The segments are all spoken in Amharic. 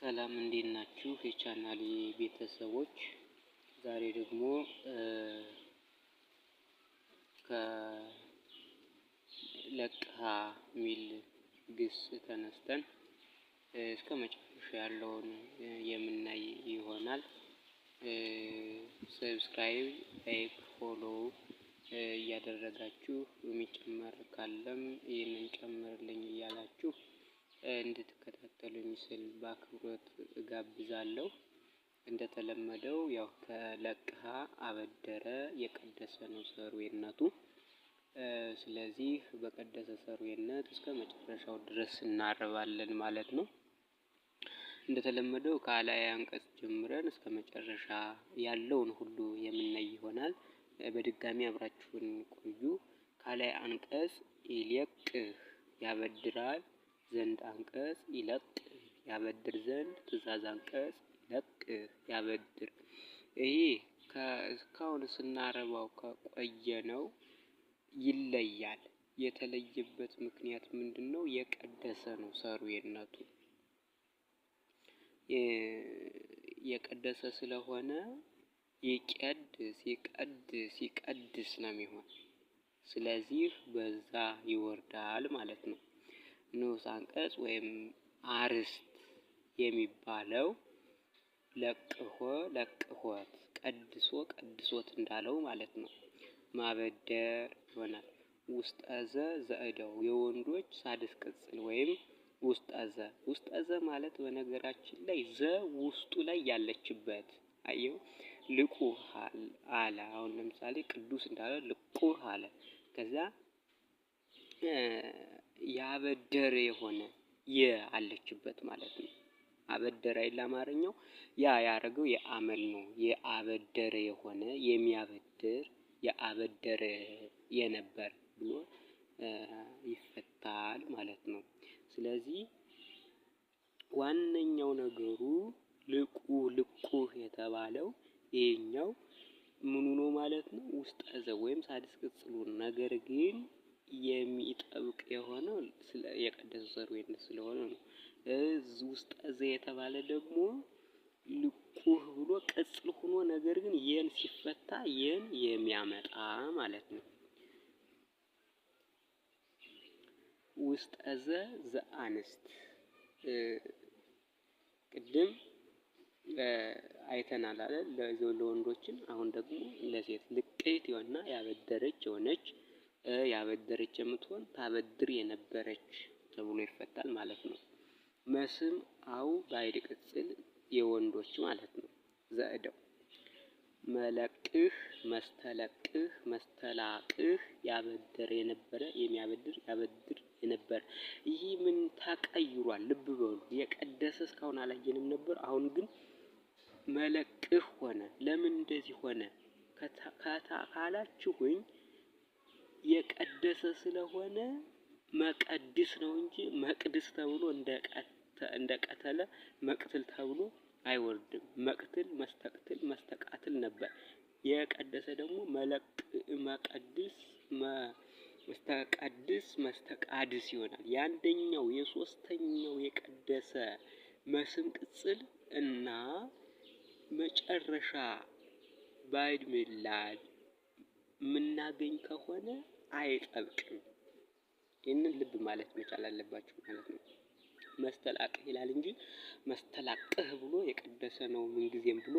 ሰላም እንዴት ናችሁ? የቻናል ቤተሰቦች ዛሬ ደግሞ ከለቅሃ የሚል ግስ ተነስተን እስከ መጨረሻ ያለውን የምናይ ይሆናል። ሰብስክራይብ፣ ላይክ፣ ፎሎው እያደረጋችሁ የሚጨመር ካለም ይህንን ጨምርልኝ እያላችሁ እንድትከታተሉ ስል በአክብሮት እጋብዛለሁ። እንደተለመደው ያው ከለቅሃ አበደረ የቀደሰ ነው ሰርዌነቱ። ስለዚህ በቀደሰ ሰርዌነት እስከ መጨረሻው ድረስ እናርባለን ማለት ነው። እንደተለመደው ከአላይ አንቀጽ ጀምረን እስከ መጨረሻ ያለውን ሁሉ የምናይ ይሆናል። በድጋሚ አብራችሁን ቆዩ። ከአላይ አንቀጽ ይለቅህ ያበድራል ዘንድ አንቀጽ ይለቅ ያበድር ዘንድ ትእዛዝ አንቀጽ ይለቅ ያበድር። ይህ እስካሁን ስናረባው ከቆየነው ይለያል። የተለየበት ምክንያት ምንድን ነው? የቀደሰ ነው ሰሩየነቱ የቀደሰ ስለሆነ ይቀድስ ይቀድስ ይቀድስ ነው የሚሆን። ስለዚህ በዛ ይወርዳል ማለት ነው። ንዑስ አንቀጽ ወይም አርዕስት የሚባለው ለቅሆ ለቅሆት ቀድሶ ቀድሶት እንዳለው ማለት ነው። ማበደር ይሆናል። ውስጠዘ ዘእደው የወንዶች ሳድስ ቅጽል ወይም ውስጠዘ ውስጠዘ ማለት በነገራችን ላይ ዘ ውስጡ ላይ ያለችበት አየው። ልቁ አለ። አሁን ለምሳሌ ቅዱስ እንዳለ ልቁህ አለ። ከዛ ያበደረ የሆነ የአለችበት ማለት ነው። አበደረ አይደል አማርኛው። ያ ያደረገው የአመል ነው። የአበደረ የሆነ የሚያበድር የአበደረ የነበር ብሎ ይፈታል ማለት ነው። ስለዚህ ዋነኛው ነገሩ ልቁ ልቁህ የተባለው ይሄኛው ምኑ ነው ማለት ነው ውስጠ ዘ ወይም ሳድስ ቅጽሉ ነገር ግን የሚጠብቅ የሆነው የቀደሰ ዘሩ የነሱ ስለሆነ ነው። ውስጠ ዘ የተባለ ደግሞ ልኩህ ብሎ ቅጽል ሆኖ ነገር ግን የን ሲፈታ የን የሚያመጣ ማለት ነው። ውስጠ ዘ ዘአንስት ቅድም አይተናል አለ ለወንዶችን፣ አሁን ደግሞ ለሴት ልቅይት የሆና ያበደረች የሆነች ያበደረች የምትሆን ታበድር የነበረች ተብሎ ይፈታል ማለት ነው። መስም አው ባይድ ቅጽል የወንዶች ማለት ነው። ዘእደው መለቅህ መስተለቅህ መስተላቅህ ያበደር የነበረ የሚያበድር ያበድር የነበረ ይህ ምን ተቀይሯል? ልብ በሉ። የቀደሰ እስካሁን አላየንም ነበር። አሁን ግን መለቅህ ሆነ። ለምን እንደዚህ ሆነ ካላችሁኝ የቀደሰ ስለሆነ መቀድስ ነው እንጂ መቅድስ ተብሎ እንደቀተለ መቅትል ተብሎ አይወርድም። መቅትል፣ መስተቅትል፣ መስተቃትል ነበር። የቀደሰ ደግሞ መቀድስ፣ መስተቀድስ፣ መስተቃድስ ይሆናል። የአንደኛው የሶስተኛው የቀደሰ መስም ቅጽል እና መጨረሻ ባይድምላል የምናገኝ ከሆነ አይጠብቅም። ይህንን ልብ ማለት መቻል አለባችሁ ማለት ነው። መስተላቅህ ይላል እንጂ መስተላቅህ ብሎ የቀደሰ ነው ምንጊዜም ብሎ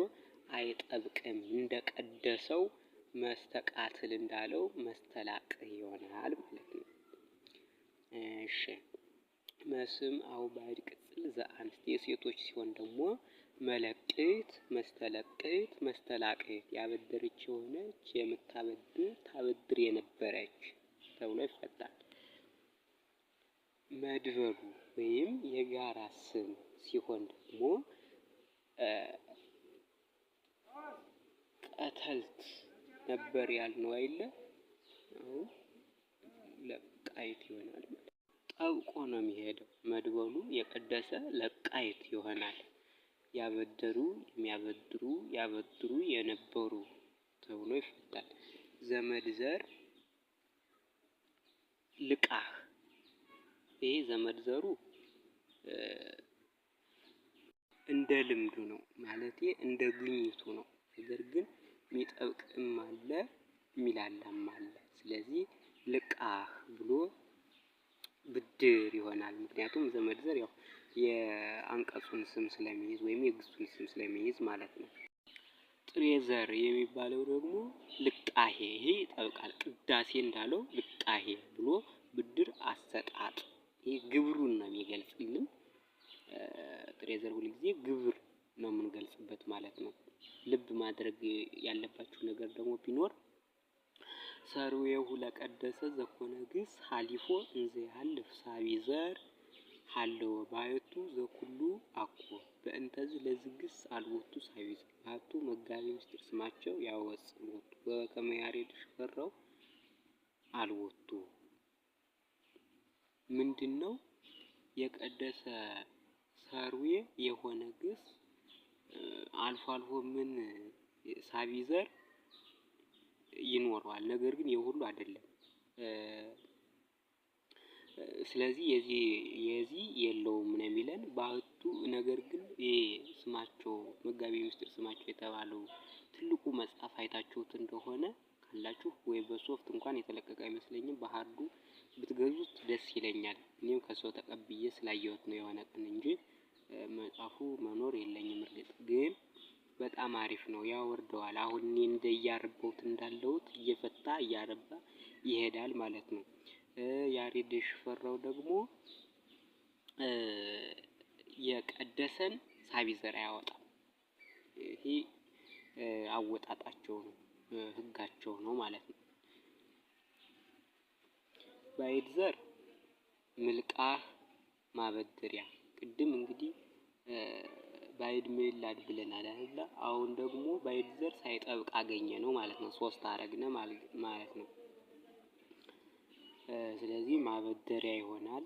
አይጠብቅም። እንደቀደሰው መስተቃትል እንዳለው መስተላቅህ ይሆናል ማለት ነው። እሺ መስም አው ባዕድ ቅጽል ዘአንስት የሴቶች ሲሆን ደግሞ መለቄት መስተለቄት መስተላቄት ያበደረች የሆነች የምታበድር ታበድር የነበረች ተብሎ ይፈታል። መድበሉ ወይም የጋራ ስም ሲሆን ደግሞ ቀተልት ነበር ያልነው አይለ ለቃየት ይሆናል። ጠብቆ ነው የሚሄደው። መድበሉ የቀደሰ ለቃየት ይሆናል። ያበደሩ የሚያበድሩ ያበድሩ የነበሩ ተብሎ ይፈታል። ዘመድ ዘር ልቃህ ይሄ ዘመድ ዘሩ እንደ ልምዱ ነው ማለት እንደ ግኝቱ ነው። ነገር ግን የሚጠብቅም አለ የሚላላም አለ። ስለዚህ ልቃህ ብሎ ብድር ይሆናል። ምክንያቱም ዘመድ ዘር ያው የአንቀጹን ስም ስለሚይዝ ወይም የግሱን ስም ስለሚይዝ ማለት ነው። ጥሬ ዘር የሚባለው ደግሞ ልቃሄ፣ ይሄ ይጠብቃል። ቅዳሴ እንዳለው ልቃሄ ብሎ ብድር አሰጣጥ፣ ይህ ግብሩን ነው የሚገልጽልን። ጥሬ ዘር ሁልጊዜ ግብር ነው የምንገልጽበት ማለት ነው። ልብ ማድረግ ያለባችሁ ነገር ደግሞ ቢኖር ሰርዌሁ ለቀደሰ ዘኮነ ግስ ሀሊፎ እንዘ ያህልፍ ዘር ሀለወ ባዮ አቱ ዘኩሉ አኮ በእንተዝ ለዝግስ አልወቱ ሳይዝ አቱ መጋቢ ምስጢር ስማቸው ያወፅ ወቱ በበከመ ያሬድ ሽፈራው አልወቱ ምንድን ነው? የቀደሰ ሰርዌ የሆነ ግስ አልፎ አልፎ ምን ሳቢዘር ይኖረዋል። ነገር ግን የሁሉ አይደለም። ስለዚህ የዚህ የዚህ የለውም ነው የሚለን በአቱ ነገር ግን ይህ ስማቸው መጋቢ ምስጢር ስማቸው የተባለው ትልቁ መጽሐፍ አይታችሁት እንደሆነ ካላችሁ ወይ በሶፍት እንኳን የተለቀቀ አይመስለኝም። በሀርዱ ብትገዙት ደስ ይለኛል። እኔም ከሰው ተቀብዬ ስላየሁት ነው የሆነ ቀን እንጂ መጽሐፉ መኖር የለኝም። እርግጥ ግን በጣም አሪፍ ነው፣ ያወርደዋል። አሁን እኔ እንደ እያረበውት እንዳለውት እየፈታ እያረባ ይሄዳል ማለት ነው። ያሬድ ሽፈራው ደግሞ የቀደሰን ሳቢ ዘር አያወጣም። ይሄ አወጣጣቸው ነው፣ ህጋቸው ነው ማለት ነው። ባዕድ ዘር ምልቃህ ማበድሪያ ቅድም እንግዲህ ባዕድ ምዕላድ ብለናል አይደል? አሁን ደግሞ ባዕድ ዘር ሳይጠብቅ አገኘ ነው ማለት ነው። ሶስት አረግነ ማለት ነው። ስለዚህ ማበደሪያ ይሆናል።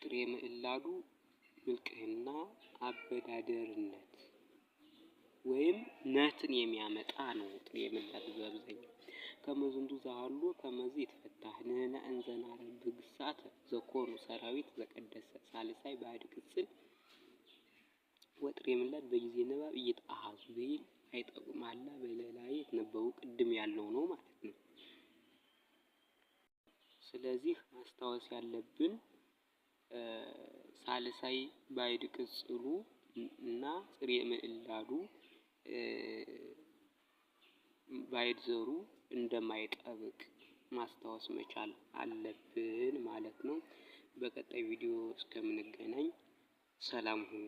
ጥሬ ምዕላዱ ብልቅህና አበዳደርነት ወይም ነትን የሚያመጣ ነው። ጥሬ ምዕላዱ በአብዛኛው ከመዝንዱ እንዱ ዛሃሉ ከመዝ የተፈታህ ንህነ እንዘናረን ብግሳት ዘኮኑ ሰራዊት ዘቀደሰ ሳልሳይ ባዕድ ቅጽል ወጥሬ ምዕላድ በጊዜ ንባብ እየተአሃዙ ብሂል አይጠቁማላ በለላይ የተነበቡ ቅድም ያለው ነው ማለት ነው። ስለዚህ ማስታወስ ያለብን ሳልሳይ ባይድ ቅጽሉ እና ጽሬ ምዕላሉ ባይድ ዘሩ እንደማይጠብቅ ማስታወስ መቻል አለብን ማለት ነው። በቀጣይ ቪዲዮ እስከምንገናኝ ሰላም ሁኑ።